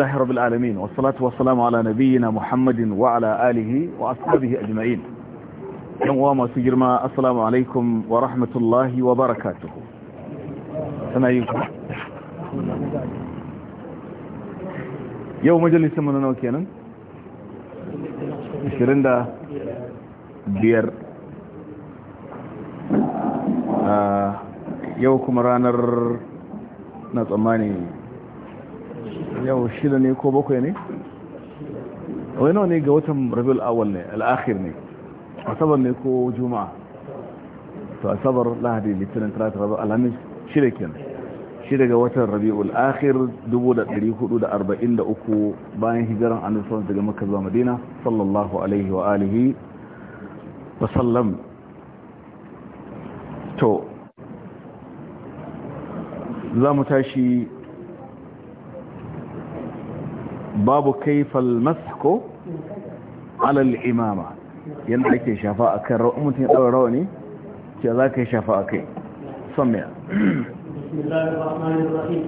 alhamdulillahi rabbil salamu ala nabiyyina muhammadin wa alihi wa ashabihi ajma'in yan uwa masu girma assalamu alaikum wa rahmatullahi wa barakatuh sana yi ku yau majalisin nawa kenan 25 ah, yau kuma ranar na tsammani yau shida ne ko bakwai ne wai nawa ne ga watan rabiul awal ne al'akhir ne asabar ne ko juma'a to asabar lahadi litinin tarata rabu alhamis shida kenan shida ga watan rabiul akhir 443 bayan hijiran annabi daga makka zuwa madina sallallahu alaihi wa alihi wa sallam to za mu tashi باب كيف المسحك على الإمامة ينحي كي شفاءك رؤمتين أو روني جلاك شفاءك سمع بسم الله الرحمن الرحيم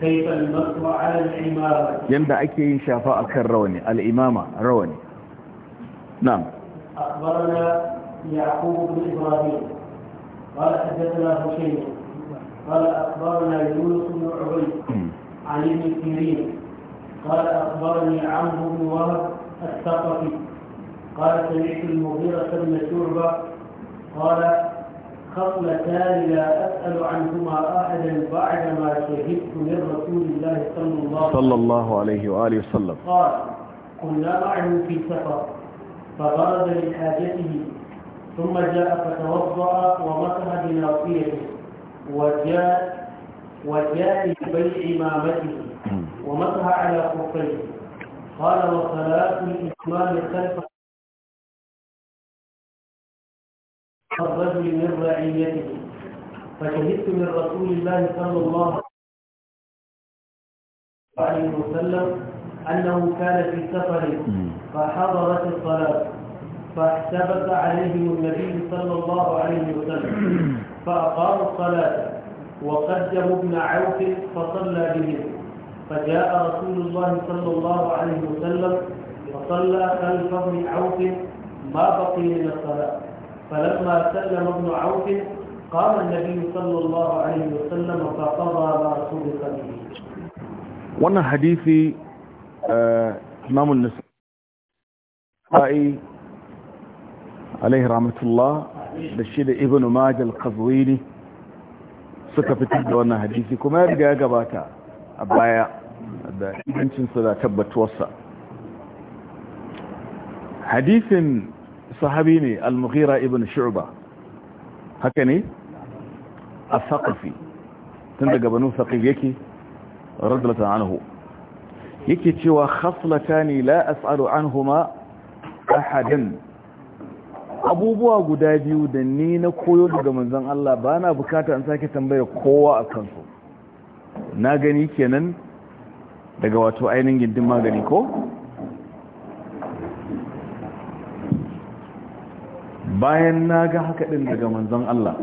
كيف المسحك على الإمامة ينحي كي شفاءك روني الإمامة روني نعم أخبرنا يعقوب بن إبراهيم قال حدثنا حسين قال أخبرنا يونس بن عبيد عن ابن كيرين قال أخبرني عمرو بن وهب الثقفي قال سمعت المغيرة بن شعبة قال خصلتان لا أسأل عنهما أحدا بعدما شهدت من رسول الله صلى الله صلى الله عليه وآله وسلم قال كنا معه في سفر فبرز لحاجته ثم جاء فتوضأ ومسح بناصيته وجاء وجاء ببيع إمامته ومسح على خفيه قال وصلاة الإسلام خلف الرجل من رعيته فشهدت من رسول الله صلى الله عليه وسلم أنه كان في سفر فحضرت الصلاة فاحتبس عليهم النبي صلى الله عليه وسلم فأقاموا الصلاة وقدموا ابن عوف فصلى بهم فجاء رسول الله صلى الله عليه وسلم وصلى خلف ابن عوف ما بقي من الصلاة فلما سلم ابن عوف قام النبي صلى الله عليه وسلم فقضى ما رسول به وانا حديثي آه، امام النسائي عليه رحمة الله بشير ابن ماجة القزويني سكفت qazwini suka كما da wannan hadisi da ingancinsa da tabbatuwarsa hadisin sahabi ne al-mughira ibn shu'ba haka ne a saƙafi tun daga banu saƙif yake radulatan anhu yake cewa khaslata ne la as'alu anhuma ahadan abubuwa guda biyu da ni na koyo daga manzon Allah ba na bukata an sake tambaya kowa a kansu na gani kenan daga wato ainihin gindin magani ko bayan na ga haka ɗin daga manzon Allah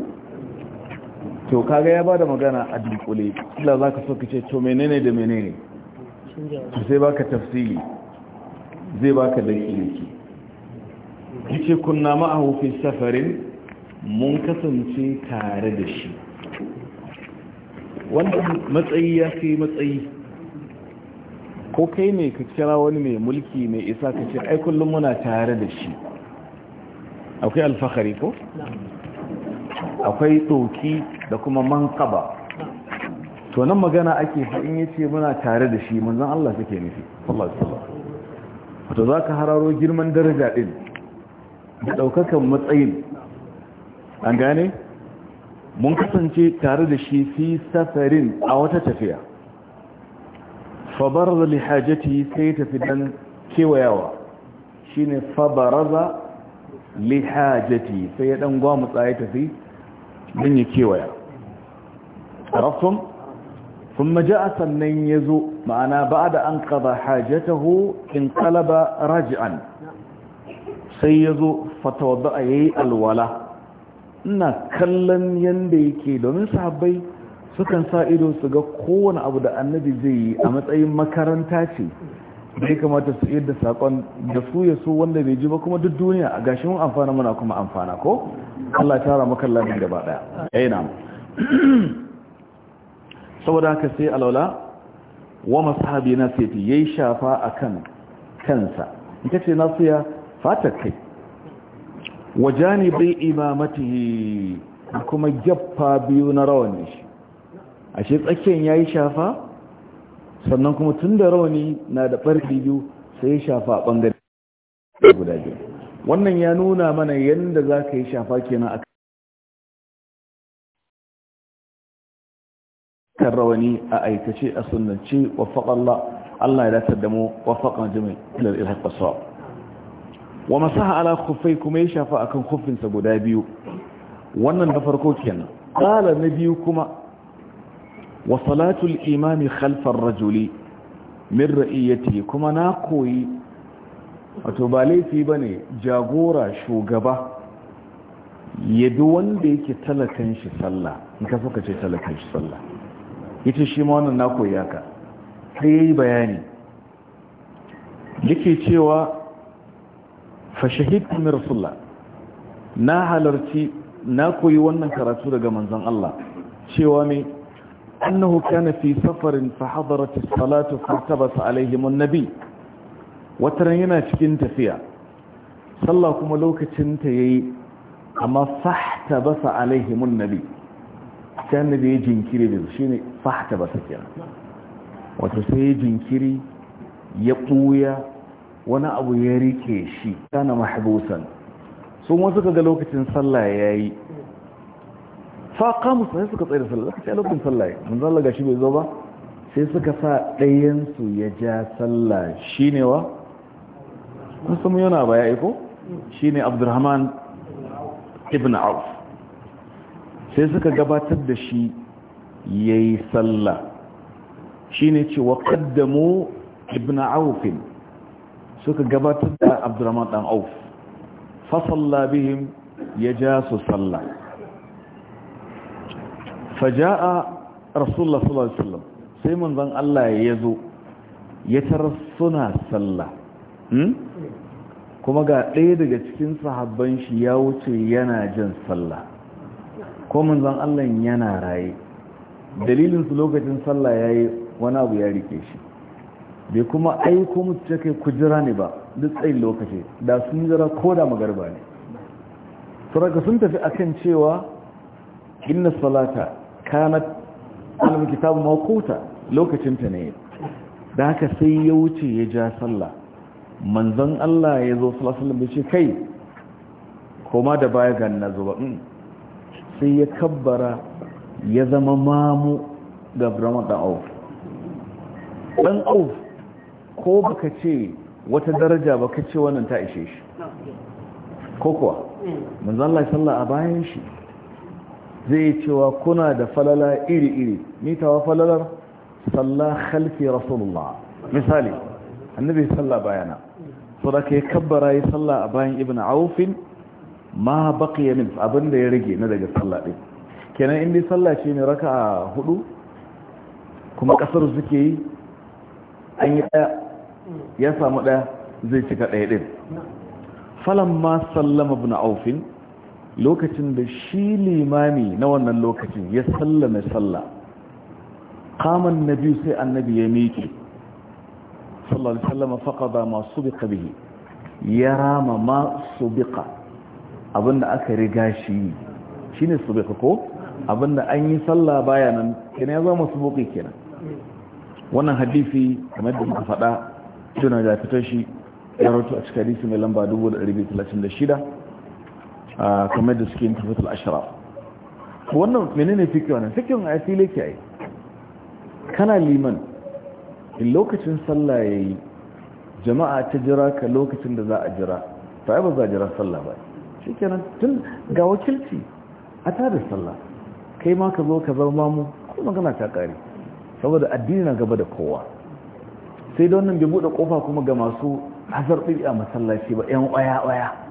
to kaga ya bada magana a dunkule ila za ka so ka ce to menene da menene to sai baka tafsili zai baka daki daki ce kunna ma'ahu fi safarin mun kasance tare da shi wanda matsayi ya fi matsayi ko kai ne ka kira wani mai mulki mai isa ka ce ai kullum muna tare da shi akwai alfahari ko akwai tsoki da kuma mankaba to nan magana ake in ce muna tare da shi manzan Allah take nufi Allah subhanahu za ka hararo girman daraja din da ɗaukakan matsayin an gane mun kasance tare da shi fi safarin a wata tafiya fabar da ni hajjati sai tafi don kewayawa shi ne fabar da ni hajjati sai ya ɗan tafi don yi kewaya a rafin sun maja sannan ya zo ma'ana ba da an kaba hajjatahu in kalaba raji'an sai ya zo fatawa ba a yi alwala ina kallon yadda yake domin sahabbai sukan sa ido su ga kowane abu da annabi zai yi a matsayin makaranta ce da ya kamata su yadda sakon da su ya so wanda bai ji ba kuma duk duniya a gashin mun amfana muna kuma amfana ko Allah tara maka lafiya gaba daya eh na saboda haka sai alaula wa mashabi nasiti yayi shafa akan kansa ita ce nasiya fatar kai wajani janibi imamatihi kuma gaffa biyu na rawani shi ashe tsakiyar ya yi shafa sannan kuma tun da rauni na da ɓarfi biyu sai ya shafa a ɓangare guda biyu wannan ya nuna mana yadda za ka yi shafa kenan a kan rawani a aikace a sunanci wafaƙalla Allah ya datar da mu wafaƙan jima'i ilar ilhaƙ ƙasa wa masaha ala kufai kuma ya shafa akan kufinsa guda biyu wannan da farko kenan ƙala na biyu kuma wasalatul imami khalfar rajuli min ra'iyati kuma na koyi wato ba laifi bane jagora shugaba bi wanda yake talakan shi sallah in ka suka ce talakan shi sallah yace shi ma wannan na koyi haka sai yayi bayani yake cewa fa shahidtu min rasulullah na halarci na koyi wannan karatu daga manzon Allah cewa me أنه كان في سفر فحضرت الصلاة فالتبس عليهم النبي وترينا شكين تفيا صلى كما لوك تنتهي أما فاحتبس عليهم النبي كان النبي جنكري بذلشين فاحتبس كنا وتسي جنكري يقويا وانا أبو يريكيشي كان محبوسا ثم سكا لوك تنصلى ياي faƙa sai suka tsaye da sallah suka ce alaikum sallah mun zalla gashi bai zo ba sai suka sa ɗayansu ya ja sallah shine wa wa mun yana ba ya iko Shine abdurrahman ibn auf sai suka gabatar da shi ya yi sallah shine ce wa qaddamu ibn auf suka gabatar da abdurrahman ɗan auf fa bihim ya ja su sallah faja'a rasulullah sallallahu alaihi wasallam sai manzon Allah ya zo ya tarsuna suna sallah kuma ga ɗaya daga cikin sahabban shi ya wuce yana jin sallah ko manzon Allah yana raye dalilin su lokacin sallah yayi wani abu ya rike shi bai kuma aiko mutu kai kujira ne ba duk tsayin lokaci da sun jira ko da magarba ne suraka sun tafi akan cewa inna salata kanat almu kitabu mawquta lokacin ta ne da haka sai ya wuce ya ja sallah manzon Allah ya zo sallallahu alaihi wasallam ya kai koma da baya ga nazo ba mm. sai ya kabbara ya zama mamu ga Abdurrahman dan Auf dan Auf ko baka ce wata daraja baka ce wannan ta ishe shi ko kuwa mm. manzon Allah sallallahu a bayan shi zai cewa kuna da falala iri-iri mitawa falalar Sallah khalfi rasulullah misali annabi salla bayana so da kabbara yi sallah a bayan ibn aufin ma ya min abinda ya rage na daga salla kenan indai salla ce ne a hudu kuma kasar suke yi an yi ya samu ɗaya, zai cika daya din ma sallama ibn aufin lokacin da shi limami na wannan lokacin ya sallame sallah kaman nabi sai annabi ya miki, sallallahu alaihi wasallam faqada ma subiqa bihi ya rama ma subiqa abinda aka riga shi shine subiqa ko abinda an yi sallah baya nan kenan ya zama subuqi kenan wannan hadisi kamar da muka faɗa tuna da fitar shi ya rawaito a cikin hadisi mai lamba 1236 kamar da suke yin tafatul wannan menene fikiyo wannan fikiyon a fili ke yi kana liman in lokacin sallah yi jama'a ta jira ka lokacin da za a jira to yi ba za a jira sallah ba kenan tun ga wakilci a da sallah kai ma ka zo ka zama mamu ko magana ta kare saboda addini na gaba da kowa sai da wannan bai bude kofa kuma ga masu hazar a masallaci ba yan ƙwaya-ƙwaya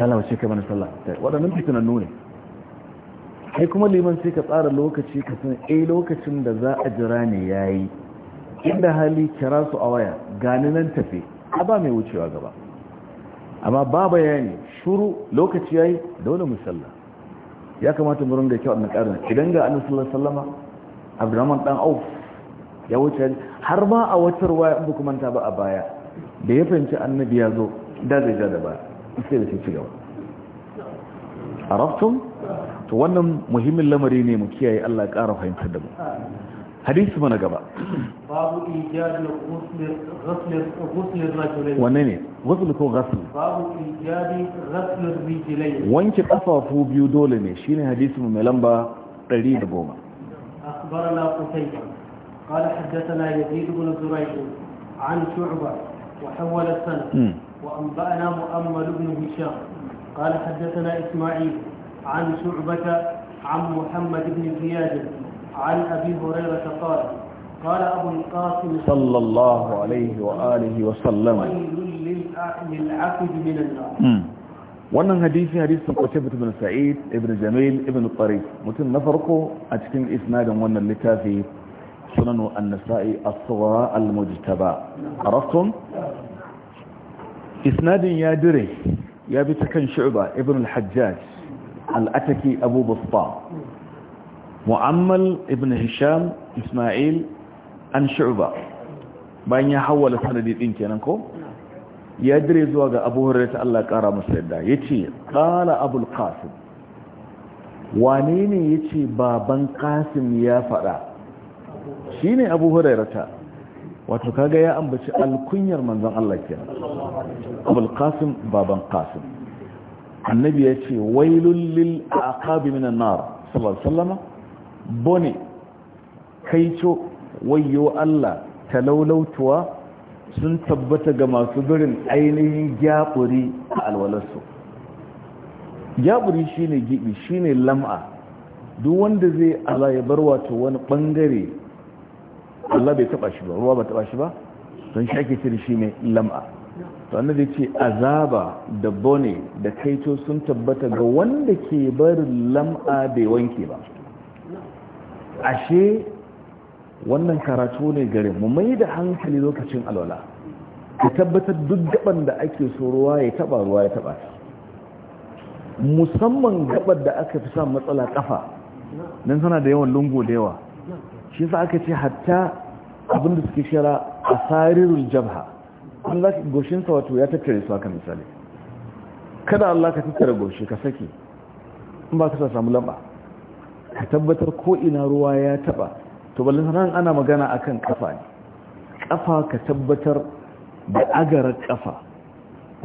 talauce ka mana sallah waɗannan fitinan nune kai kuma liman sai ka tsara lokaci ka san a eh, lokacin da za a jira ne ya yi inda hali kira su a waya gani nan tafi a ba mai wucewa gaba amma ba bayani shuru lokaci ya yi dole musalla ya kamata murin da kyau a nakarar idan ga annabi sallallahu alaihi wasallam abdurrahman dan auf ya wuce har ma a watar waya in ba ba a baya da ya fahimci annabi ya zo da zai ja da baya sai da to wannan muhimmin lamari ne mu kiyaye Allah ya ƙara fahimtar da mu hadisi mana gaba babu ijadul ghusl rajulain wannan ne ko ghusl babu ijadi ghusl rijlain wanke kafafu biyu dole ne shine hadisi mai lamba 110 akhbarana qutayba قال حدثنا يزيد بن زريع عن شعبة وحول السنة وأنبأنا مؤمل بن هشام قال حدثنا إسماعيل عن شعبة عن محمد بن زياد عن أبي هريرة قال قال أبو القاسم صلى الله عليه وآله وسلم للعقد من النار wannan hadisi hadisin Qutaybah ibn Sa'id ibn Jamil ibn Tariq mutum na farko a cikin isnadin wannan littafi sunan an-Nasa'i as-Sughra al-Mujtaba araftum isnadin ya dire ya bi ta kan shu'ba ibn al-hajjaj al-ataki abu basta mu'ammal ibn hisham isma'il an shu'ba bayan ya hawala sanadi din kenan ko ya dire zuwa ga abu hurairah Allah kara masa yadda yace qala al qasim wane ne yace baban qasim ya fada shine abu hurairah wato kaga ya ambaci alkunyar manzon Allah kenan abul qasim baban qasim annabi ya ce wailul lil aqab an nar sallallahu alaihi wasallam kaico wayo Allah talaulautuwa sun tabbata ga masu birin ainihin gyaburi a alwalarsu gyaburi shine gibi shine lam'a duk wanda zai Allah ya bar wato wani bangare Allah bai taba shi ba ruwa ba taba shi ba don shi ake shi ne lam'a to annabi ce azaba da bone da kaito sun tabbata ga wanda ke barin lam'a bai wanke ba ashe wannan karatu ne gare mu mai da hankali lokacin alwala ka tabbatar duk gaban da ake so ruwa ya taba ruwa ya taba musamman gabar da aka fi sa matsala kafa Nan sana da yawan lungu da yawa shi za aka ce hatta abinda suke shira a tsarirul jabha an za ka goshinsa wato ya tattare su aka misali kada Allah ka tattara goshi ka sake in ba ka sa samu lamba ka tabbatar ko ina ruwa ya taba to ballin sanan ana magana akan kafa ne kafa ka tabbatar da agarar kafa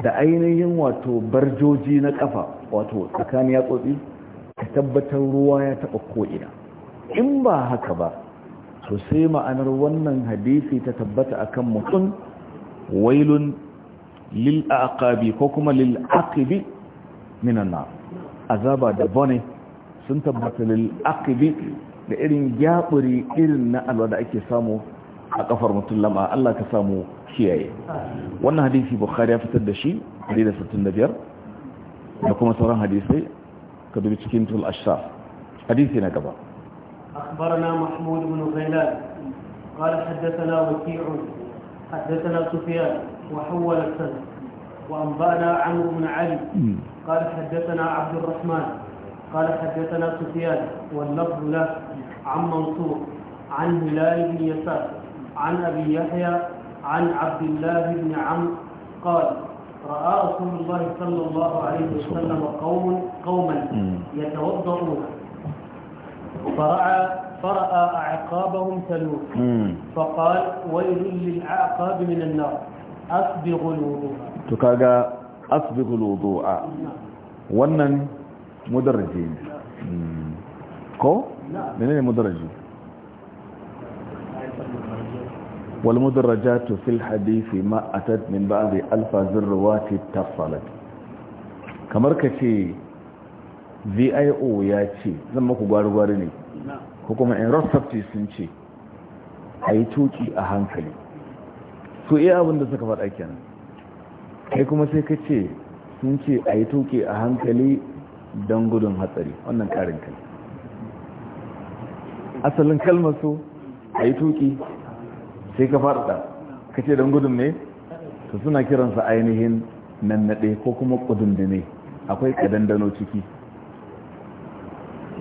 da ainihin wato barjoji na kafa wato tsakanin tsotsi ka tabbatar ruwa ya taba ko ina in ba haka ba to sai ma'anar wannan hadisi ta tabbata a kan mutum wailun lil aqabi ko kuma lil aqibi minan azaba da bane sun tabbata lil aqibi da irin gyaburi irin na alwa da ake samu a ƙafar mutum lama Allah ka samu kiyaye wannan hadisi bukhari ya fitar da shi 165 da kuma sauran hadisai ka dubi cikin tul ashraf hadisi na gaba أخبرنا محمود بن غيلان قال حدثنا وكيع حدثنا سفيان وحول السن وأنبأنا عمرو بن علي قال حدثنا عبد الرحمن قال حدثنا سفيان واللفظ له عن منصور عن هلال بن يسار عن أبي يحيى عن عبد الله بن عمرو قال رأى رسول الله صلى الله عليه وسلم قوم قوما يتوضؤون فرأى, فرأى اعقابهم تلوح فقال ويل للعقاب من النار أصبغ الوضوء تكاقى أصبغ الوضوء نعم. ونن مدرجين كو نعم. منين مدرجين والمدرجات في الحديث ما أتت من بعض ألف ذروات اتصلت كما ركتي vio ya ce zan maku gwari-gwari ne ko kuma in rossafti sun ce a yi tuki a hankali su iya abin da suka faɗa kenan kai kuma sai ka ce sun ce a yi tuki a hankali don gudun hatsari wannan ƙarin kai asalin kalmar su a yi tuki sai ka faɗa ka ce don gudun ne su suna kiransa ainihin nannaɗe ko kuma ne akwai ƙadandano ciki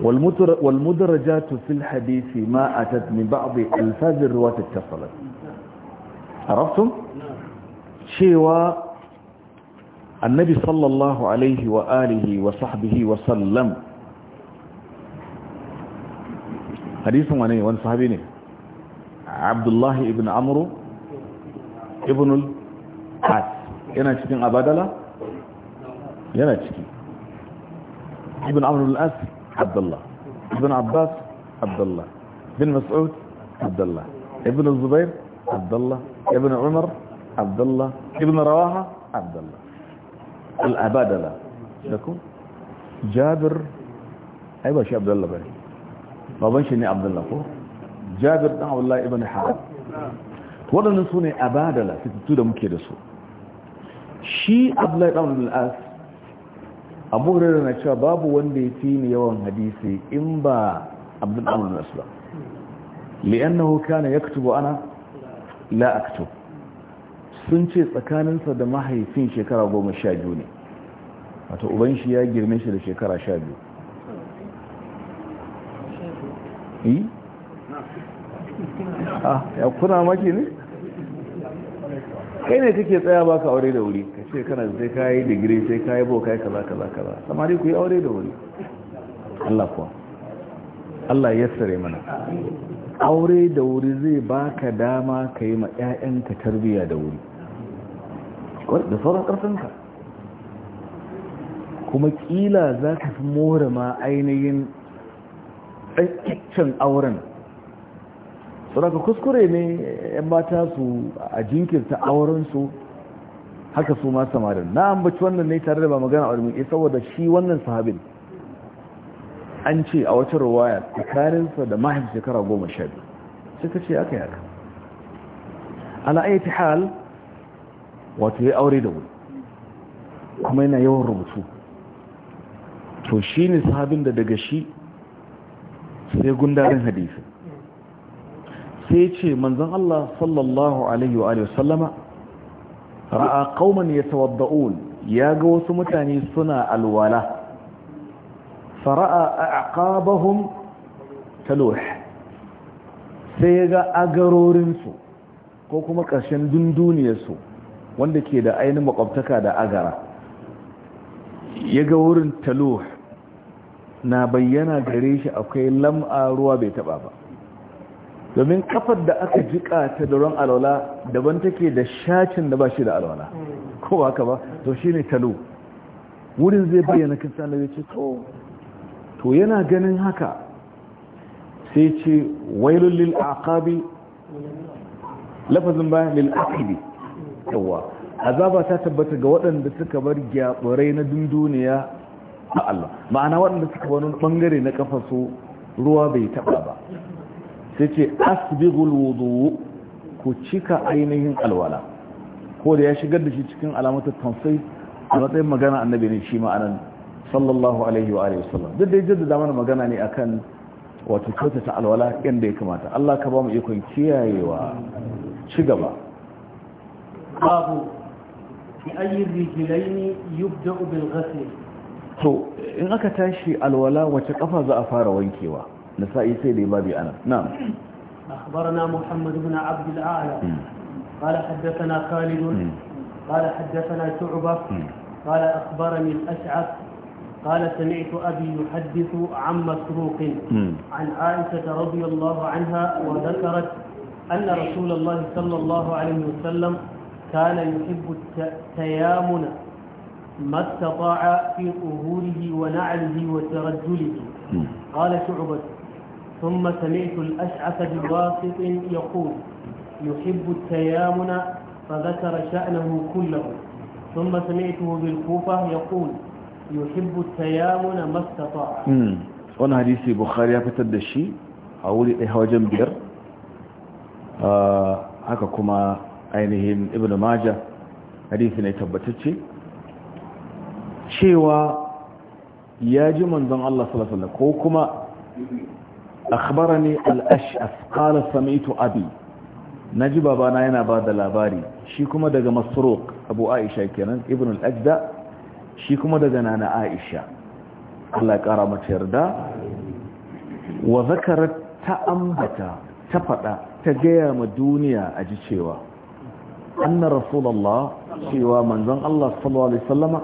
والمدرجات في الحديث ما أتت من بعض ألفاظ الرواة اتصلت عرفتم؟ شيوا النبي صلى الله عليه وآله وصحبه وسلم حديث واني وان صحابيني عبد الله ابن عمرو ابن العاص yana cikin abadala yana ciki ibn amr al-as عبد الله ابن عباس أيوة عبد الله بن مسعود عبد الله ابن الزبير عبد الله ابن عمر عبد الله ابن رواحة عبد الله الأبادلة لكم جابر أيوة شي عبد الله بني ما بنش إني عبد الله فوق جابر بن الله ابن حارث ولا su ne abadala fitattu da muke da su shi abu hurairu na cewa babu wanda ya fi ni yawan hadisi in ba abdul amur na su ba li'annahu kana yaktubu ana la aktub sun ce tsakaninsa da mahaifin shekara goma sha biyu ne wato uban shi ya girme shi da shekara sha biyu eh? ah, ya kuna maki ne? kai ne kake tsaya ba ka aure da wuri ka ce kana sai ka yi digiri sai ka yi bo ka yi kaza kaza kaza samari ku yi aure da wuri Allah kuwa Allah ya sare mana aure da wuri zai baka dama ka yi ma 'ya'yanka tarbiyya da wuri da sauran ƙarfinka kuma kila za ka fi more ma ainihin tsakicin auren saboda kuskure ne yan mata su a jinkirta auren su haka su ma samarin na ambaci wannan ne tare da ba magana a mulki saboda shi wannan sahabin an ce a wata ruwaya tsakaninsa da mahaif shekara goma sha biyu ka ce aka yaka ala ayyati hal wato ya aure da wuri kuma yana yawan rubutu to shi ne sahabin da daga shi sai gundarin hadisi sai ce manzan Allah sallallahu alaihi wa sallama ra'a ya yatawadda'un ya ga wasu mutane suna alwala fara'a a aqabahum taluh sai ya ga agarorinsu ko kuma ƙarshen dunduniyarsu wanda ke da ainihin makwabtaka da agara ya ga wurin taluh na bayyana gare shi akwai lam'a ruwa bai taba ba domin kafar da aka jika ta da ruwan alwala daban take da shacin da ba shi da alwala ko ba haka ba to shi ne talo wurin zai bayyana kan sanar ya ce to yana ganin haka sai ce wailun lil aqabi lafazin bayan lil aqibi yawa azaba ta tabbata ga waɗanda suka bar gyaburai na dunduniya a Allah ma'ana waɗanda suka wani bangare na kafa su ruwa bai taɓa ba sai ce asbigul wudu ku cika ainihin alwala ko da ya shigar da shi cikin alamata tansai a matsayin magana annabi ne shi ma'anan sallallahu alaihi wa alihi wasallam duk da jaddada damar magana ne akan wato kyautata alwala yadda ya kamata Allah ka ba mu ikon kiyayewa ci gaba babu fi ayi rijilaini yubda bil ghasl to in aka tashi alwala wace kafa za a fara wankewa نسائي سيدي بابي أنا نعم أخبرنا محمد بن عبد الأعلى قال حدثنا خالد قال حدثنا شعبة قال أخبرني الأشعث قال سمعت أبي يحدث عن مسروق عن عائشة رضي الله عنها وذكرت أن رسول الله صلى الله عليه وسلم كان يحب التيامن ما استطاع في ظهوره ونعله وترجله قال شعبة ثم سمعت الأشعث بواسط يقول يحب التيامن فذكر شأنه كله ثم سمعته بالكوفة يقول يحب التيامن ما استطاع وانا حديثي بخاري فتد الشيء أولي إيهو جنبير haka kuma ainihin ibn maja hadisi ne tabbatacce cewa ya ji manzon Allah sallallahu alaihi wasallam ko kuma أخبرني الأشأف قال سمعت أبي نجي بابانا ينا بعد الأباري شيكما دقى مسروق أبو عائشة كنان ابن الأجدى شيكما دقى نانا عائشة الله كرامة يردى وذكرت تأمبتا تفتا تجيام الدنيا أجي شيوا أن رسول الله شيوا من ذن الله صلى الله عليه وسلم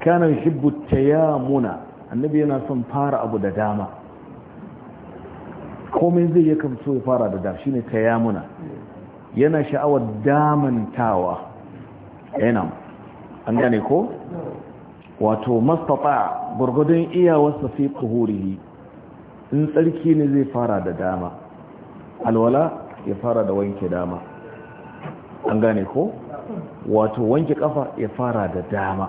كان يحب التيامنا النبي ينا سنفار أبو دداما komai zai yakan so ya fara da dama, shine muna yana sha'awar damantawa yana eh, an gane ko wato mastata gurgudun iyawarsa fi kuhurihi in tsarki ne zai fara da dama alwala ya fara da wanke dama an gane ko wato wanke kafa ya fara da dama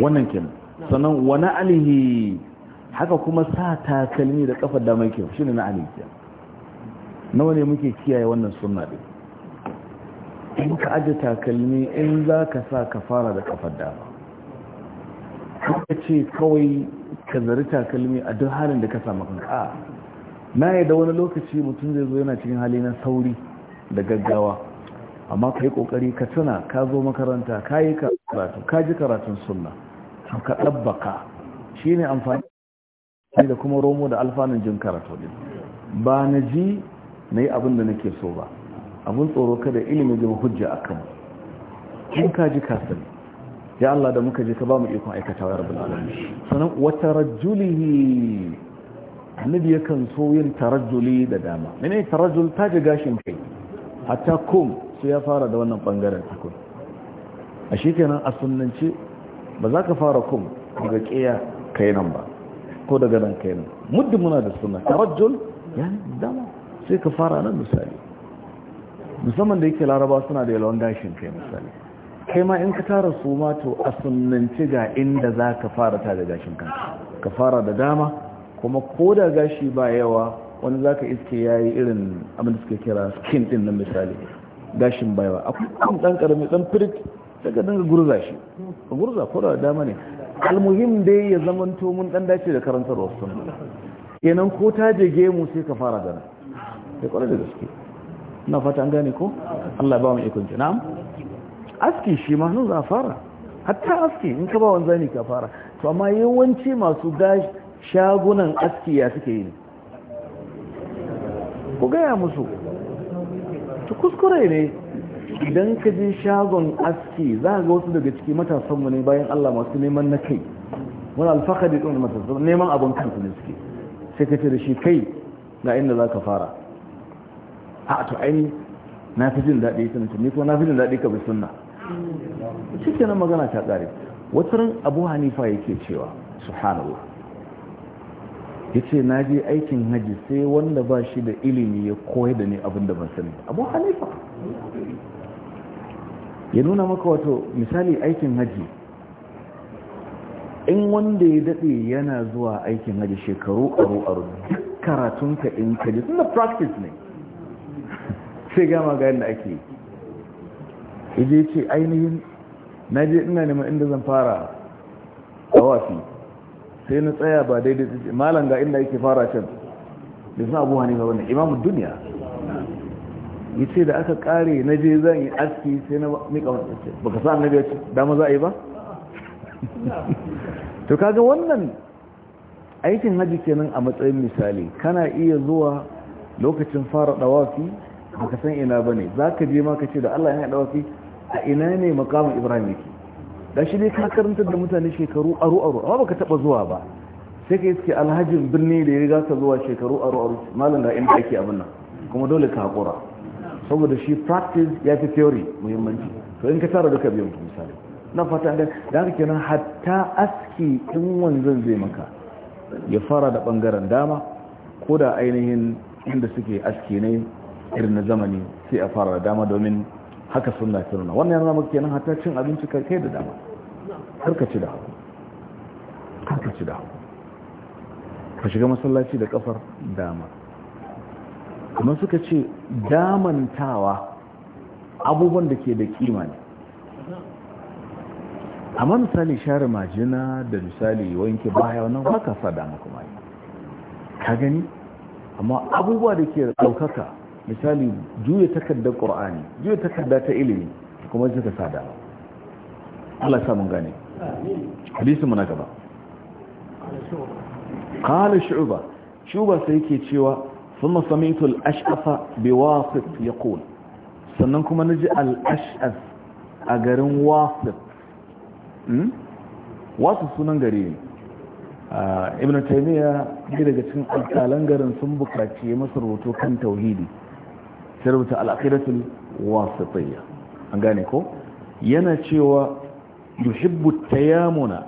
wannan kenan sannan wani alihi haka kuma sa takalmi da kafar da mai kyau shine na alikiya nawa ne muke kiyaye wannan sunna din in ka aje takalmi in za ka sa ka fara da kafar dama kuka ce kawai ka zari takalmi a duk halin da ka samu kanka a na da wani lokaci mutum zai zo yana cikin hali na sauri da gaggawa amma ka yi kokari ka tuna ka zo makaranta ka yi karatu ka ji karatun sunna ka ɗabbaka shi ne amfani da kuma romo da alfanun jin karatu din ba na ji na yi abin da nake so ba abin tsoro kada ilimin zai hujja a kan in ka ji kasar ya Allah da muka ji ka ba mu ikon aikata wa rabbul alamin sanan wata tarajjulihi annabi yakan so yin tarajuli da dama mene tarajul ta ji gashin kai hatta kum su ya fara da wannan bangaren tukun a shi kenan a sunnanci ba za ka fara kum daga kiya kai nan ba ko daga nan kai nan muddin muna da suna tarajjul ya dama sai ka fara nan misali musamman da yake laraba suna da yawan gashin kai misali kai ma in ka tara su ma to a sunnanci ga inda za ka fara ta da gashin kanka ka fara da dama kuma ko da gashi ba yawa wani za ka iske ya yi irin abin da suke kira skin din nan misali gashin ba yawa akwai ɗan ƙarami ɗan firit daga dinga gurza shi gurza ko da dama ne almuhim dai ya zamanto mun dan dace da karantar wasu kenan ko ta jege mu sai ka fara da sai kwarar da gaske na fata an gane ko Allah ba mu ikon ji na'am aski shi ma nan za fara hatta aski in ka ba wanzani ka fara to amma yawanci masu gashi shagunan aski ya suke yi ku gaya musu ta kuskure ne idan ka je shagon aski za ga wasu daga ciki matasanmu ne bayan Allah masu neman na kai wani alfahari ɗin matasan neman abin kansu ne suke sai ka ce da shi kai na inda za ka fara a to aini na fi jin daɗi sun ce ni ko na fi jin daɗi ka bi sunna shi ke nan magana ta ƙare wata ran abu hanifa yake cewa subhanallah ya ce na je aikin haji sai wanda ba shi da ilimi ya koyar da ni abin da ban sani abu hanifa ya nuna maka wato misali aikin haji in wanda ya daɗe yana zuwa aikin haji shekaru aro-aro duk karatunka in kaji suna practice ne sai gama ga yadda ake yi ya ce ainihin na je ina neman inda zan fara wafi sai na tsaya ba daidai malam ga inda ake fara can da suna ne ga wannan imamun duniya ya da aka kare na je zan yi aski sai na mika wani ce ba ka sa annabi ya ce dama za a yi ba to kaga wannan aikin haji kenan a matsayin misali kana iya zuwa lokacin fara dawafi baka san ina ba ne za ka je ma ka ce da Allah ya dawafi a ina ne makamun Ibrahim yake da shi ne ka karantar da mutane shekaru aru aru amma baka taba zuwa ba sai ka iske alhajin birni da ya riga ka zuwa shekaru aru aru malam da inda ake abin nan kuma dole ka hakura saboda shi practice ya fi theory muhimmanci to in ka tara duka biyan ku misali na fata da da haka kenan hatta aski in wanzan zai maka ya fara da bangaren dama ko da ainihin inda suke aski ne irin na zamani sai a fara da dama domin haka sunna ta nuna wannan yana maka kenan hatta cin abinci kai kai da dama karka ci da hagu karka ci da hagu ka shiga masallaci da kafar dama kuma suka ce damantawa abubuwan da ke da kima ne amma misali share majina da misali wanke baya wannan haka sada na kuma yi ka gani amma abubuwa da ke ɗaukaka misali juya takardar ƙor'ani juya takarda ta ilimi kuma suka sada Allah samun gane hadisi muna gaba ƙala shu'uba shu'uba sai ke cewa ثم سمعت الأشعف بواسط يقول سننكم نجي الأشعف أقر واسط واسط سنن قريب ibn taymiya ne daga cikin alƙalan garin sun bukaci masa rubutu kan tauhidi sai rubuta al-aqidatul wasitiyya an gane ko yana cewa yuhibbu tayamuna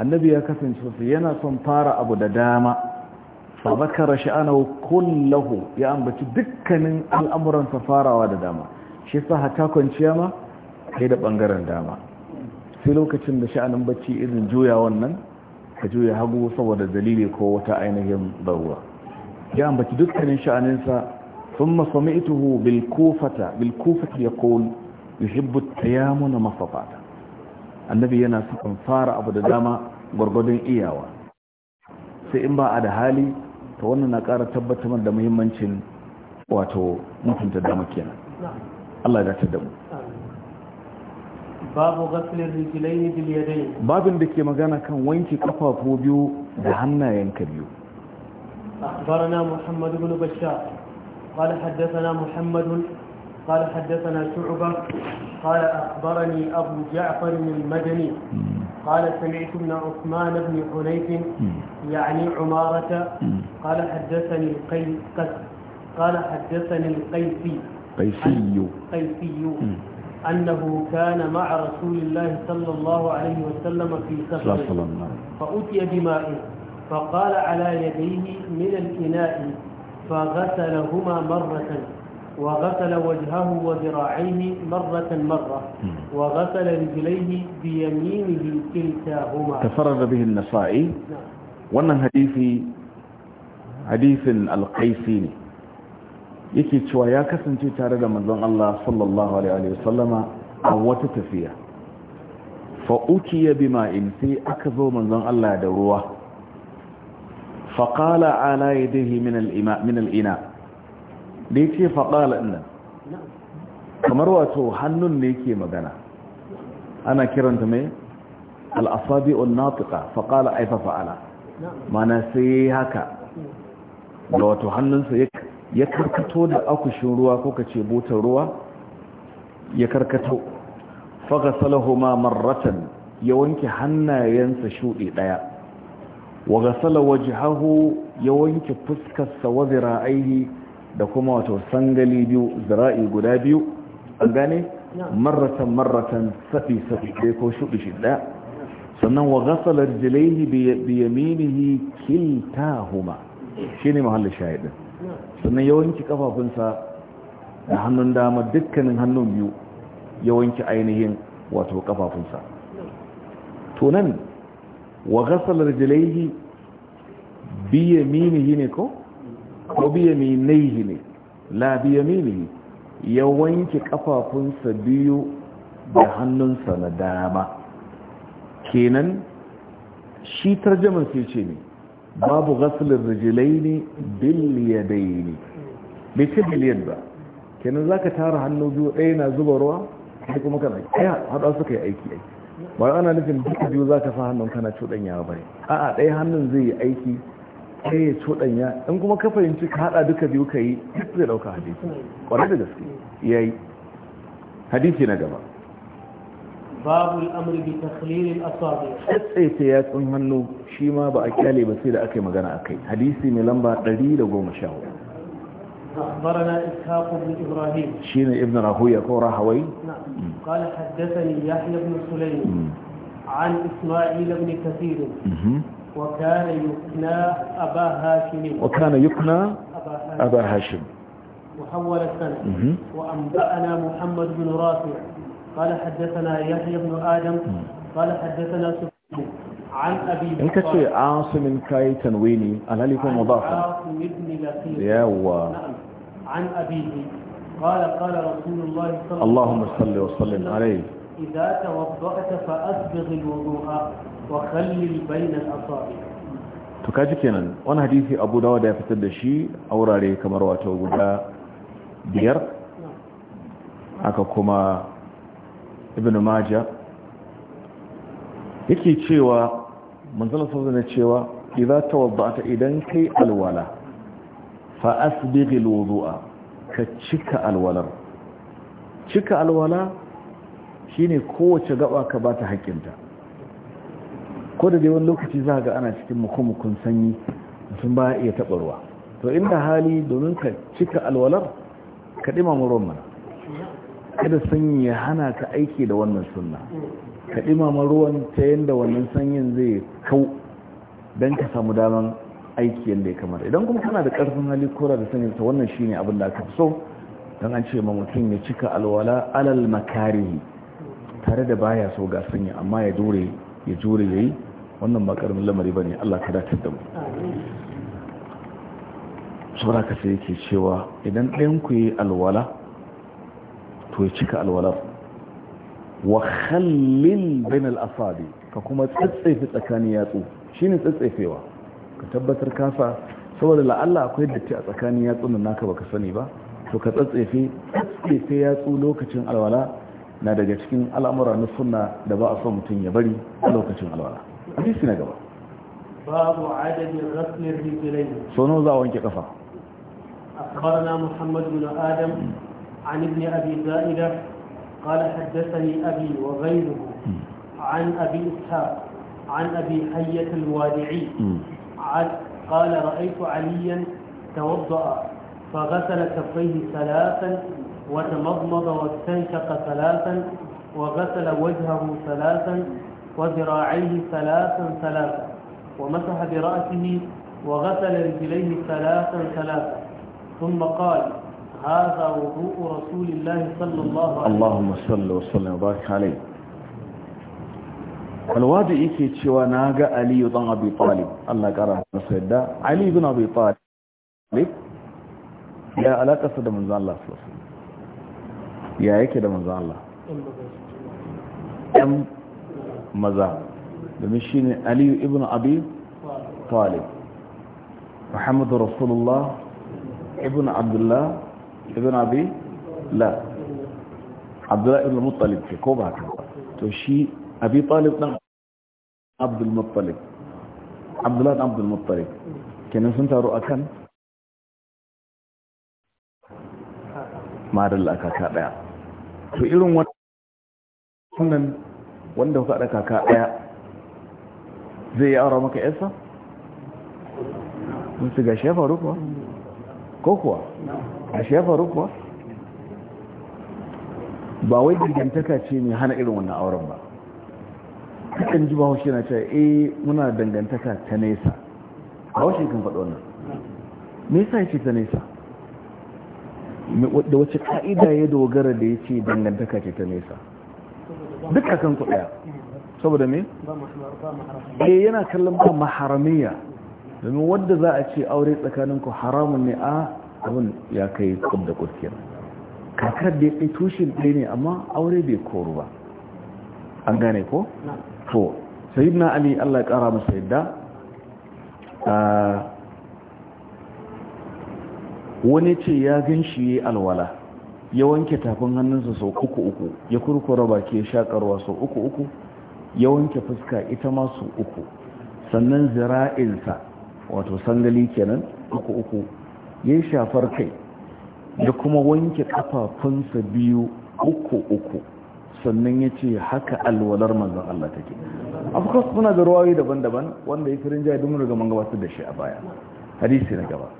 annabi ya kasance su yana son fara abu da dama fa zakara sha'anahu kullahu ya ambaci dukkanin al'amuran farawa da dama shi ta hata kwanciya ma kai da bangaren dama sai lokacin da sha'anin bacci irin juya wannan ka juya hagu saboda dalili ko wata ainihin barwa ya ambaci dukkanin sha'aninsa ثم سمعته بالكوفة بالكوفة يقول يحب التيامن ما استطعت النبي yana sukan fara abu da dama gurgudun iyawa sai in ba a da hali ta wannan na ƙara tabbatar da muhimmancin wato mutunta da kenan Allah ya da mu babu ghaslin rijlaini bil yadayn babin da ke magana kan wanke kafafu biyu da hannayenka biyu akhbarana muhammad ibn bashar قال حدثنا محمد قال حدثنا شعبة قال أخبرني أبو جعفر المدني قال سمعت ابن عثمان بن حنيف يعني عمارة قال حدثني القيس قال حدثني القيسي قيسي قيسي أنه كان مع رسول الله صلى الله عليه وسلم في سفر فأتي بماء فقال على يديه من الإناء فغسلهما مرة وغسل وجهه وذراعيه مرة مرة وغسل رجليه بيمينه كلتاهما تفرد به النسائي wannan hadisi hadisin alkaisi ne yake cewa ya kasance tare da manzon Allah sallallahu alaihi wasallama a wata tafiya fa ukiya bima in sai aka zo manzon Allah da ruwa fa qala ala yadihi min min da ce faƙala kamar wato hannun ne yake magana ana kiranta mai al'asabi on natuka faƙala aifa fa'ala mana sai haka da wato hannunsa ya karkato da akushin ruwa ko ka ce butar ruwa ya karkato faga salahuma marratan ya wanke hannayensa shuɗi ɗaya waga salawa jihahu ya wanke fuskarsa wazira aihi da kuma wato sangali biyu zira'i guda biyu an gane marratan maratan saɓi saɓi ɗaya ko shuɗi shi ɗaya sannan wa gasalar jilaihi bi yaminihi huma shine mahallin shahidin sannan ya wanke kafafunsa da hannun dama dukkanin hannun biyu ya wanke ainihin wato kafafunsa tunan wa gasalar jilaihi bi yaminihi ne ko ko biya biyaminaihi ne la mini ya wanke kafafunsa biyu da hannunsa na dama kenan shi tarjaman sai ce ne babu ghaslin rijilaini biliyadaini bai ce biliyan ba kenan zaka tara hannu biyu ɗaya na zuba ruwa sai kuma kana ɗaya haɗa suka yi aiki aiki ba ana nufin duka biyu zaka sa hannun kana cuɗanya ba ne a'a ɗaya hannun zai yi aiki sai ya cuɗanya in kuma ka fahimci ka haɗa duka biyu ka yi duk zai ɗauka hadisi ƙwarar da gaske ya yi hadisi na gaba babu al'amari bi takhlilin asabi ta ya tsun hannu shi ma ba a kyale ba sai da aka yi magana a kai hadisi mai lamba 114 أخبرنا إسحاق بن إبراهيم شين ابن راهوية كو راهوي قال حدثني يحيى بن سليم عن إسماعيل بن كثير وكان يكنى أبا هاشم وكان يكنى أبا هاشم وحول السنة وأنبأنا محمد بن رافع قال حدثنا يحيى بن آدم قال حدثنا سفيان عن أبي إنك تشي عاصم كاي تنويني الهلي يكون مضافا عاصم بن نعم عن أبيه قال قال رسول الله صلى الله عليه وسلم اللهم صل وسلم عليه إذا توضأت فأسبغ الوضوء وخلل بين to kaji kenan wani hadisi abu dawa da ya fitar da shi a wurare kamar wato guda biyar aka kuma ibn maja yake cewa manzala sauza na cewa idza tawadda'ta idan kai alwala fa asbigh alwudu'a ka cika alwalar cika alwala shine kowace gaba ka bata hakinta ko da dai wani lokaci za ga ana cikin mukumukun sanyi sun ba iya taɓa ruwa to inda hali domin ka cika alwalar ka ɗimama ruwan mana kada sanyi ya hana ka aiki da wannan sunna ka ɗimama ruwan ta yadda wannan sanyin zai kau don ka samu daman aiki yadda ya kamar idan kuma kana da ƙarfin hali kora da sanyin ta wannan shine abin da aka fi so don an ce ma mutum ya cika alwala alal makari tare da baya so ga sanyi amma ya dore ya jure yayi wannan ba karamin lamari ba ne Allah ka da mu saboda ka sai yake cewa idan ɗayan ku yi alwala to ya cika alwalar wa khallil bain al ka kuma tsatsaifi tsakanin yatsu shine tsatsaifewa ka tabbatar kasa saboda la'alla akwai datti a tsakanin yatsun nan naka baka sani ba to ka tsatsefe tsatsaifi yatsu lokacin alwala na daga cikin al'amura na sunna da ba a son mutum ya bari a lokacin alwala hadisi na gaba babu adadin rasmin rijilai أخبرنا محمد بن آدم عن ابن أبي زائدة قال حدثني أبي وغيره عن أبي إسحاق عن أبي حية الوادعي قال رأيت عليا توضأ فغسل كفيه ثلاثا وتمضمض واستنشق ثلاثا وغسل وجهه ثلاثا وذراعيه ثلاثا ثلاثا ومسح برأسه وغسل رجليه ثلاثا ثلاثا ثم قال هذا وضوء رسول الله صلى الله عليه وسلم اللهم صل وسلم وبارك عليه الوادي يكي تشواناغا علي بن ابي طالب الله قرى مسدا علي بن ابي طالب يا علاقه صدى من زال الله صلى الله عليه وسلم يا يكي ده من زال الله maza domin shi ne aliyu ibn abi talib muhammadu rasulullah ibn abdullah ibn abi la Abdullahi ibn muttalib ke ko ba ta? to shi abi talib dan abdul muttalib abdullah dan kenan sun taru akan marar kaka daya to irin wannan wanda kuka da kaka ɗaya zai aure maka yasa? musu ga shefa rukuwa ko kuwa a shefa rukuwa ba wai dangantaka ce mai hana irin wannan auren ba kakan ji bahaushe na cewa eh muna dangantaka ta nesa bahaushe kan faɗo nan nesa ya ce ta nesa da wace ka'ida ya dogara da ya ce dangantaka ce ta nesa duka kan ku daya saboda me eh yana kallon ba maharamiya domin wanda za a ce aure tsakanin ku haramun ne a abin ya kai kub da kuskiyar kakar da ya kai tushen ɗaya ne amma aure bai koru ba an gane ko to sayyidina ali Allah ya kara masa yadda wani ce ya gan shi alwala ya wanke tafin hannunsa sau uku uku ya kurkura baki ya shakarwa sau uku uku ya wanke fuska ita ma sau uku sannan zira'insa wato sangali kenan uku uku ya yi shafar kai ya kuma wanke kafafunsa biyu uku uku sannan ya ce haka alwalar manzan Allah take of course muna da ruwayoyi daban-daban wanda ya firin jaya dumin daga mangabatar da shi a baya hadisi na gaba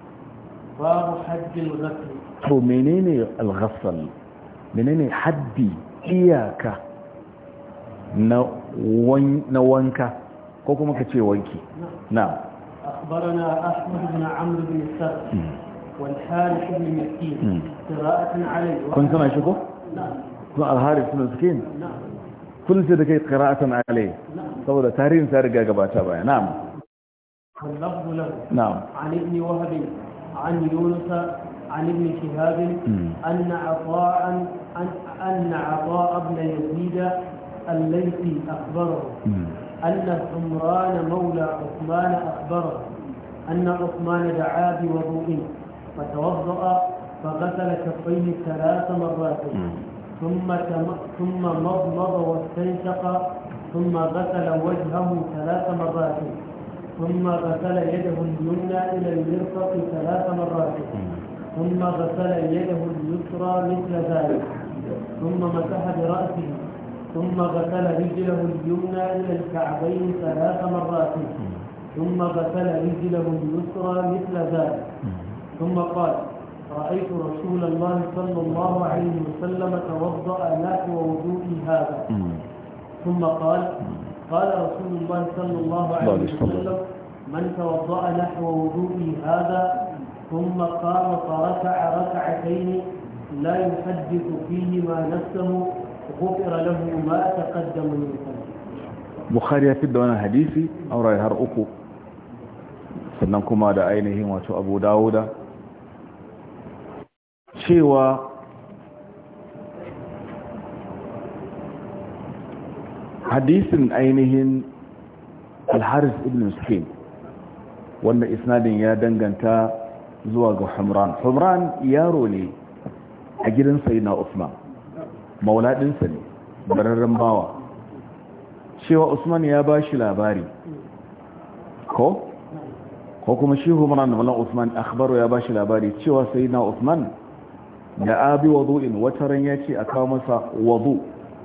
باب حد الغسل تو منين الغسل منين حدي اياك نو نو ko kuma ka ce wanki na'am akhbarana ahmad ibn amr ibn sa'd wal harith ibn miskin qira'atan alayhi kun sana shi ko na'am wal harith ibn miskin na'am kun da kai qira'atan alayhi saboda tarihin riga gabata baya na'am kun lafzu lahu ali ibn wahab عن يونس عن ابن شهاب أن عطاء أن أن عطاء بن يزيد الليثي أخبره أن عمران مولى عثمان أخبره أن عثمان دعا بوضوء فتوضأ فغسل كفيه ثلاث مرات ثم ثم مضمض واستنشق ثم غسل وجهه ثلاث مرات ثم غسل يده اليمنى إلى المرفق ثلاث مرات ثم غسل يده اليسرى مثل ذلك ثم مسح برأسه ثم غسل رجله اليمنى إلى الكعبين ثلاث مرات ثم غسل رجله اليسرى مثل ذلك ثم قال رأيت رسول الله صلى الله عليه وسلم توضأ نحو وضوئي هذا ثم قال قال رسول الله صلى الله عليه وسلم من توضأ نحو وضوئي هذا ثم قام فركع ركعتين لا يحدث فيهما نفسه غفر له ما تقدم من ذنبه Bukhari ya fidda wannan hadisi aure har uku sannan kuma da ainihin wato Abu Dawuda cewa hadisin ainihin alharis ibn muskin wanda isnadin ya danganta zuwa ga humran humran yaro ne a gidan sayina usman mauladinsa ne bararren bawa cewa usman ya ba shi labari ko ko kuma shi humran wani usman akhbaru ya ba shi labari cewa sayina usman da abi wadu'in wataran ya ce a kawo masa wadu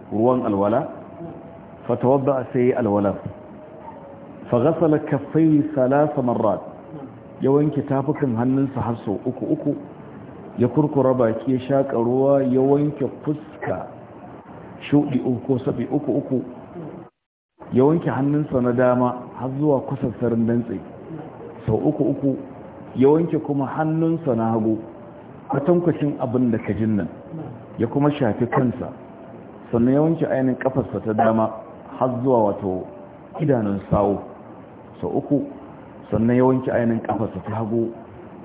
ruwan alwala فتوضأ سيء الولد فغسل كفيه ثلاث مرات يوين كتابك هنن سحرسو أكو أكو يكرك رباك يشاك روا يوين كفسك شوئي أكو سبي أكو أكو يوين كهنن سنداما حظوا كسر سرندنسي سو أكو أكو يوين كما هنن سنهبو أتنكشن أبن لك جنن ya kuma shafi kansa sannan ya wanke ainihin kafarsa ta dama har zuwa wato idanun sawo sau uku sannan ya wanke ainihin kafarsa ta hagu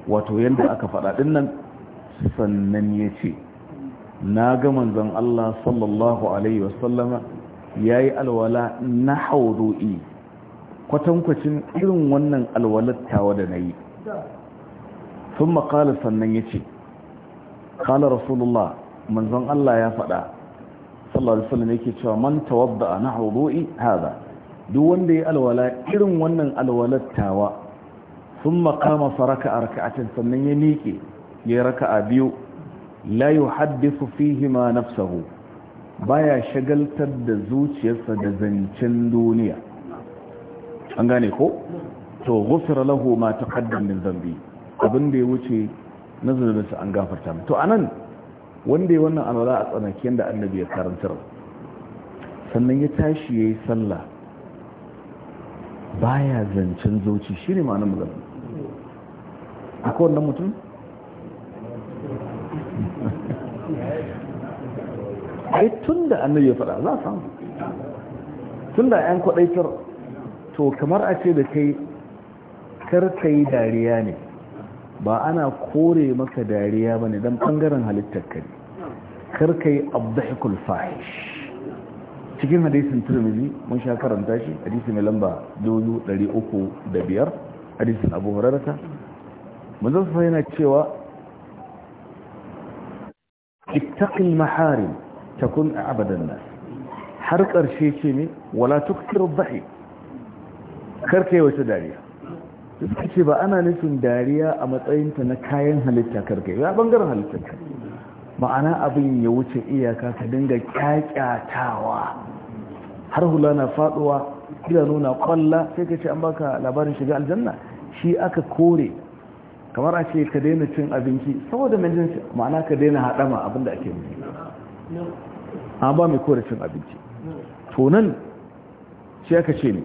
wato yadda aka faɗa nan sannan ya ce na ga manzon Allah sallallahu alaihi wasallama ya yi alwala na hauroi, kwatankwacin irin wannan alwalattawa da na yi sun makala sannan ya ce kala rasulullah manzon Allah ya faɗa sallallahu alaihi wasallam yake cewa man a na wudu'i hada duk wanda ya alwala irin wannan alwalattawa thumma qama faraka raka'atan sannan ya miƙe ya raka'a biyu la yuhaddithu fihi ma nafsuhu baya shagaltar da zuciyarsa da zancen duniya an gane ko to ghufira lahu ma taqaddama min dhanbi abin da ya wuce nazarin sa an gafarta to anan wanda ya wannan alwala a tsanaki da annabi ya karantar sannan ya tashi ya yi sallah baya zancen zoci shi ne ma'anin magana akwai wannan mutum? ai tun da annabi ya faɗa za a samu tun da 'yan kwadaitar to kamar a ce da kai karkai dariya ne ba ana kore maka dariya ba ne don ɓangaren halittar ka ne karka yi abdahikul fahish cikin hadisin turmizi mun sha karanta shi hadisi mai lamba 305 hadisin abu horarata manzon sa yana cewa ittaqil maharim takun abadan nas har karshe ce ne wala tukthir dhahik karka yi wata dariya suka ce ba ana nufin dariya a matsayinta na kayan halitta karkai ya bangaren halittarka ma'ana abin ya wuce iyaka ka dinga kyakyatawa har hula na faduwa idanu na kwalla sai ka ce an baka labarin shiga aljanna shi aka kore kamar a ce ka daina cin abinci saboda majinsu ma'ana ka daina haɗama abinda ake nufi an ba mai kore cin abinci to nan aka ce ne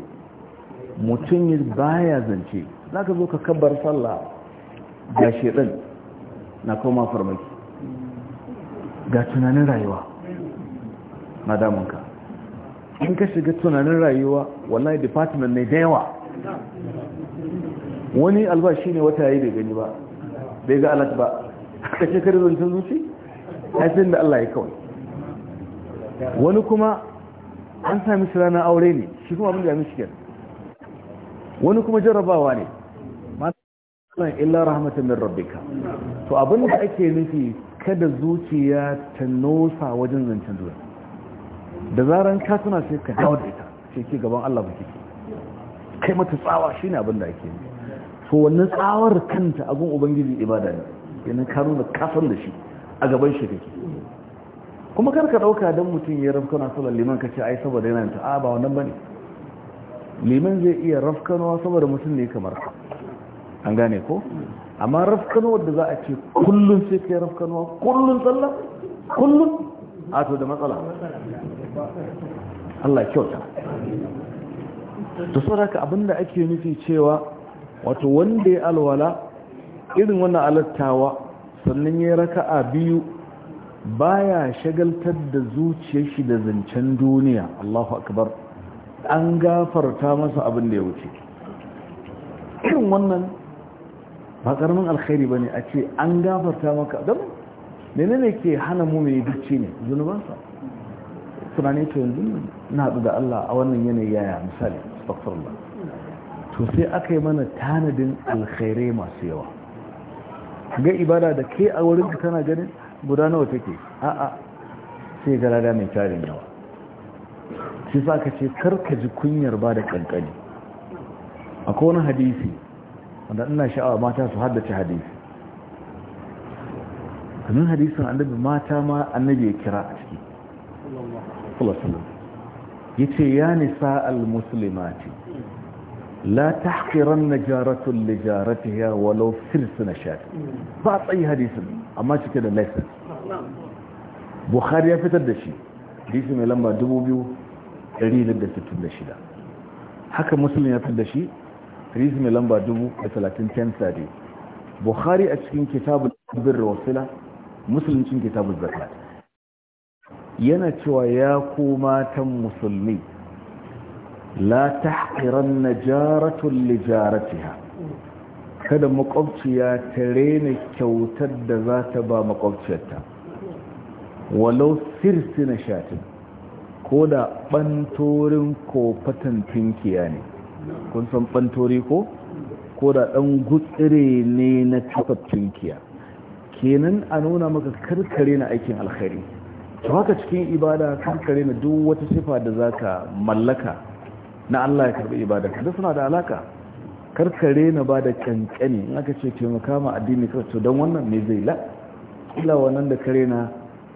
mutum baya zance za ka zo ka kabbar sallah ga shedan na koma farmaki ga tunanin rayuwa na damunka in ka shiga tunanin rayuwa wallahi department ne da yawa wani albashi ne wata yayi bai gani ba bai ga alat ba ka ce kare zancen zuci haifin da Allah ya kawai wani kuma an sami shi ranar aure ne shi kuma abin da ya mishi kenan wani kuma jarrabawa ne matan illa rahmatan min rabbika to abin da ake nufi kada zuciya ta nosa wajen zancen zuwa da zaran ka suna sai ka dawo da ita ce ki gaban Allah ba kike kai mata tsawa shine abin da ake nufi to wannan tsawar kanta abin ubangiji ibada ne yana karu da kafan da shi a gaban shi kake kuma kar ka dauka dan mutum ya rabka na sallar liman kace ai saboda yana ta a ba wannan bane liman zai iya rafkanowa saboda mutum ne kamar ka an gane ko amma rafkanowar da za a ce kullum sai kai rafkanowa kullum tsalla kullum a to da matsala Allah kyauta to saboda abinda ake nufi cewa wato wanda ya alwala irin wannan alattawa sannan ya raka'a biyu baya shagaltar da zuciyar shi da zancen duniya Allahu akbar an gafarta masa abin da ya wuce irin wannan ba karamin alkhairi bane ne a ce an gafarta maka don mene ne ke hana mu mai dukci ne zunubansa tunani to yanzu na da Allah a wannan yanayi yaya misali astaghfirullah to sai aka yi mana tanadin alkhairai masu yawa ga ibada da ke a wurin ka tana ganin guda nawa take a'a sai ga lada mai tarin yawa shi sa ka ce karkaji ji kunyar ba da kankani akwai wani hadisi wanda ina sha'awa mata su haddace hadisi kamin an annabi mata ma annabi ya kira a ciki ya ce ya nisa al-musulmati la ta haƙiran na jaratun lijarata ya walau firsu na shafi ba tsayi hadisun amma cike da laifin bukhari ya fitar da shi hadisi mai lamba 2,166 haka musulun ya fitar shi hadisi mai lamba 2,030 sadi bukhari a cikin kitabun birra wasila musulun cikin kitabun zakat yana cewa ya koma matan musulmi la ta haƙiran na jaratun lijarati ha kada makwabciya ta rena kyautar da za ta ba makwabciyarta walau na shatin ko da ɓantorin ko fatan tunkiya ne kun san ɓantori ko ko da ɗan gutsire ne na tafat tunkiya kenan a nuna maka karkare na aikin alkhari to haka cikin ibada karkare na duk wata sifa da za ka mallaka na Allah ya karbi ibada kada suna da alaka karkare na ba da kankani in aka ce taimaka ma addini kar to dan wannan me zai la illa wannan da kare na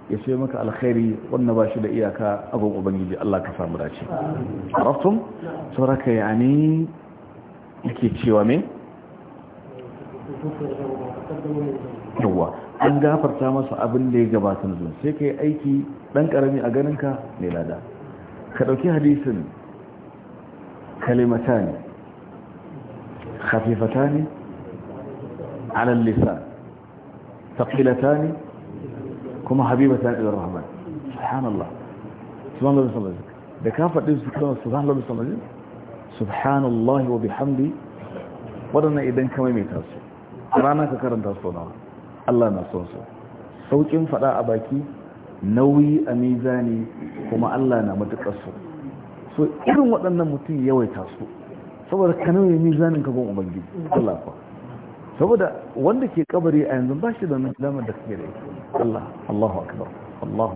ya ce maka alkhairi wannan ba shi da iyaka abin ubangiji Allah ka samu dace raftum sauraka yani yake cewa me yawa an gafarta masa abin da ya gabata zuwa sai ka yi aiki ɗan ƙarami a ganinka ne lada ka ɗauki hadisin kalimata ne khafifata ne alal taƙilata ne kuma habiba ta ƙilar rahman subhanallah subhanallah subhanallah da ka faɗi su kuma subhanallah subhanallah subhanallah wa bihamdi waɗannan idan ka mai tasu rana ka karanta su nawa Allah na son su saukin faɗa a baki nauyi a mizani kuma Allah na matuƙar su so irin waɗannan mutum yawaita su saboda ka nauyi mizanin ka gon ubangiji Allah fa saboda wanda ke kabari a yanzu ba shi da damar da suke da ita Allah Allahu akbar Allahu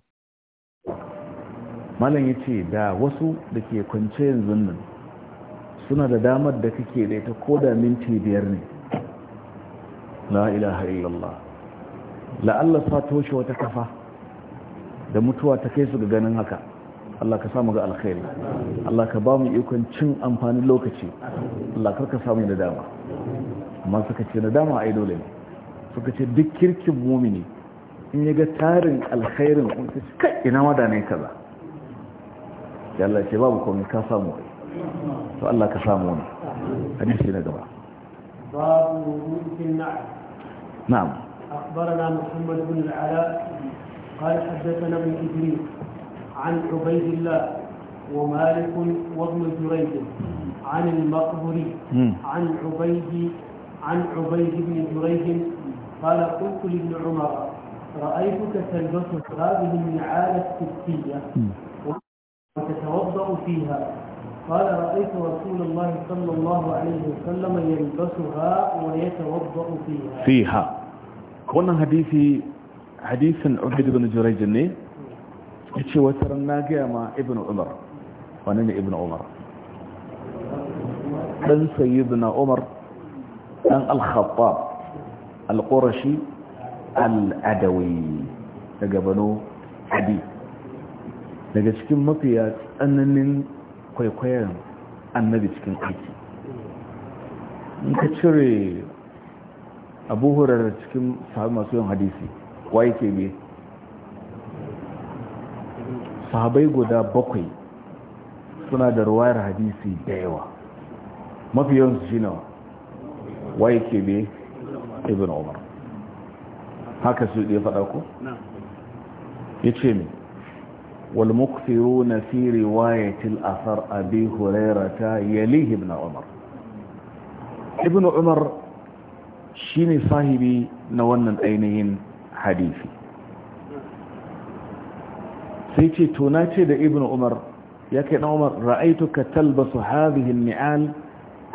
malam ya ce da wasu da ke kwance yanzu nan suna da damar da kake da ita ko da minti biyar ne la ilaha illallah la'alla sa toshe wata kafa da mutuwa ta kai su ga ganin haka Allah ka samu ga alkhairi Allah ka ba mu ikon cin amfani lokaci Allah karka samu da dama amma suka ce na dama ai dole ne suka ce duk kirkin mumini in yi ga tarin alkhairin kun ta ce kai ina wada ne kaza ya Allah ce babu komai ka samu wai to Allah ka samu wani shi na gaba babu mulkin na'am na'am أخبرنا محمد بن العلاء قال حدثنا ابن إدريس عن عبيد الله ومالك وابن جريج عن المقبري عن عبيد عن عبيد بن جريج قال قلت لابن عمر رأيتك تلبس هذه النعال السبتية وتتوضأ فيها قال رأيت رسول الله صلى الله عليه وسلم يلبسها ويتوضأ فيها فيها wannan حديثي حديث عبيد بن جريج ايش yace wata مع ابن عمر ma ابن عمر wannan سيدنا عمر dan al-khattab al-qurashi al-adawi daga banu hadi daga cikin mafiya tsananin kwaikwayon annabi cikin aiki in ka cire abu hurara cikin sahabi masu yin hadisi Waye ke biye sahabai guda bakwai suna da ruwayar hadisi da yawa mafi yawansu shi nawa waye ke ابن عمر هكا سيدي su ya والمكثرون في رواية الأثر أبي هريرة يليه ابن عمر ابن عمر شيني صاحبي نوانا أينين حديثي سيتي تناتي ابن عمر يا ابن عمر رأيتك تلبس هذه النعال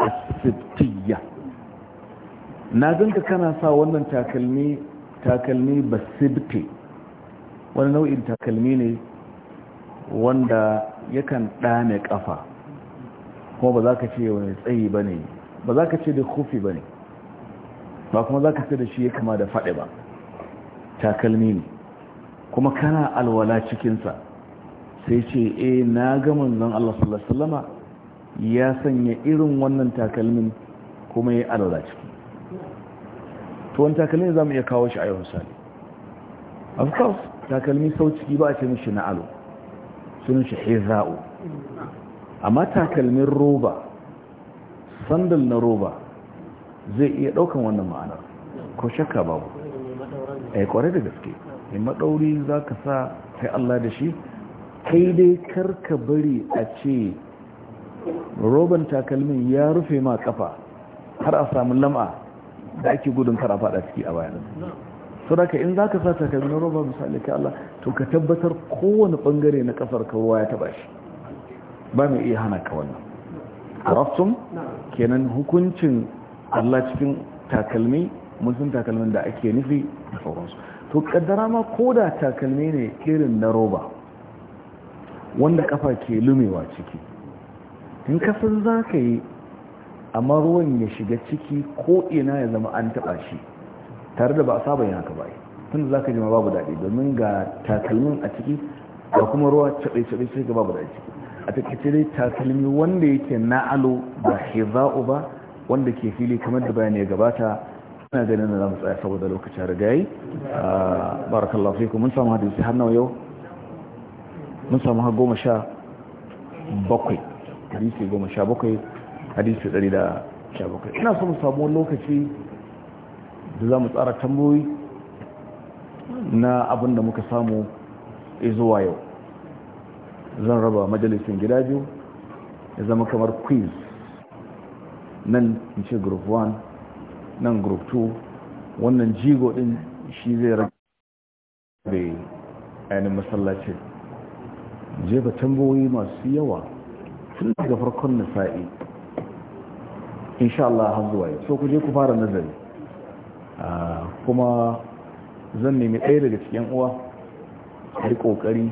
السبتية na ganka kana sa wannan takalmi takalmi basibte wani nau'in takalmi ne wanda yakan ɗane ƙafa kuma ba za ka ce wani tsayi ba ne ba za ka ce da kofi ba ne ba kuma za ka ce da shi ya kama da faɗi ba takalmi ne kuma kana alwala cikinsa sai ce eh na gama zan Allah sallallahu alaihi ya sanya irin wannan takalmin kuma ya alwala cikin to wani takalmi za mu iya kawo shi a yau misali of course takalmi sau ciki ba a ce mishi na alo sunan shi heza'u amma takalmin roba sandal na roba zai iya daukan wannan ma'anar ko shakka babu a yi kware da gaske in maɗauri za ka sa kai Allah da shi kai dai karka bari a ce roban takalmin ya rufe ma kafa har a samun lam'a da ake gudun kara fada ciki a bayanan ka in za zaka sa takalmin roba misali ka Allah to ka tabbatar kowane bangare na kasar ka ruwa ya taba shi ba mai iya hana ka wannan araftum kenan hukuncin Allah cikin takalmi mun takalmin da ake nufi da sauransu to kaddara ma da takalmi ne irin na roba wanda kafa ke lumewa ciki in kasan za ka yi amma ruwan ya shiga ciki ko ina ya zama an taɓa shi tare da ba a saba yin haka ba tun da za ka jima babu daɗi domin ga takalmin a ciki da kuma ruwa caɓe-caɓe sai ga babu daɗi ciki a takaice dai takalmi wanda yake na'alo ba hiza'u ba wanda ke fili kamar da bayani ya gabata ina ganin da za mu tsaya saboda lokacin rigayi ah, barakallahu fikum mun samu hadisi har nawa yau mun samu har goma sha bakwai hadisi goma sha bakwai hadisi 117 ina so mu samu lokaci da za mu tsara tambayoyi na abin da muka samu zuwa yau zan raba majalisun gida biyu ya zama kamar quiz nan in ce group 1 nan group 2 wannan jigo din shi zai rage ainihin masallacin jefa tambayoyi masu yawa tun daga farkon nisa'i insha Allah har zuwa so ku je ku fara nazari ah, kuma zan nemi ɗaya daga cikin uwa a yi ƙoƙari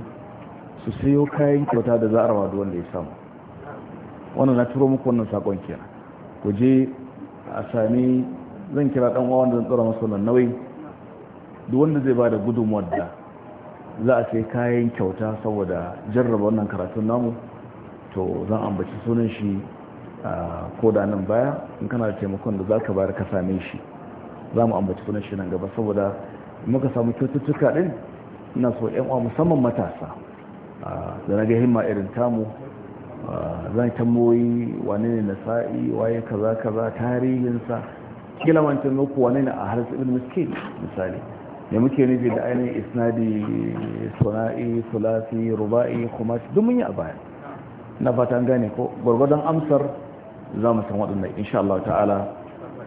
su sayo kayan kyauta da za a rawa da wanda ya samu wannan na turo muku wannan sakon kenan ku je a sami zan kira ɗan uwa wanda zan tsara masa wannan nauyi duk wanda zai bada da gudunmuwar da za a sai kayan kyauta saboda jarraba wannan karatun namu to zan ambaci sunan shi ko da nan baya in kana taimakon da za ka bayar ka same shi za mu ambaci kuna shi nan gaba saboda muka samu kyaututtuka din ina so yan uwa musamman matasa da na ga himma irin tamu zan tamboyi wani ne nasa'i waye kaza kaza tarihinsa kila man taimako wani ne a harsu ibn miskin misali ne muke nufi da ainihin isnadi suna'i sulasi ruba'i kuma duk mun yi a baya na fatan gane ko gwargwadon amsar za mu san waɗannan insha Allah ta'ala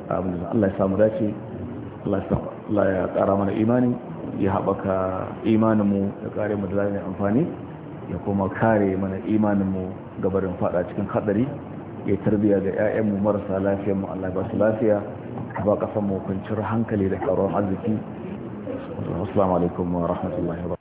abin da Allah ya samu dace Allah ya ƙara mana imani ya haɓaka imaninmu ya ƙare mu da zai amfani ya kuma kare mana imaninmu gabarin fada cikin haɗari ya tarbiya ga 'ya'yanmu marasa lafiya mu Allah ba su lafiya ba mu kwanciyar hankali da ƙaruwar arziki assalamu alaikum wa rahmatullahi wa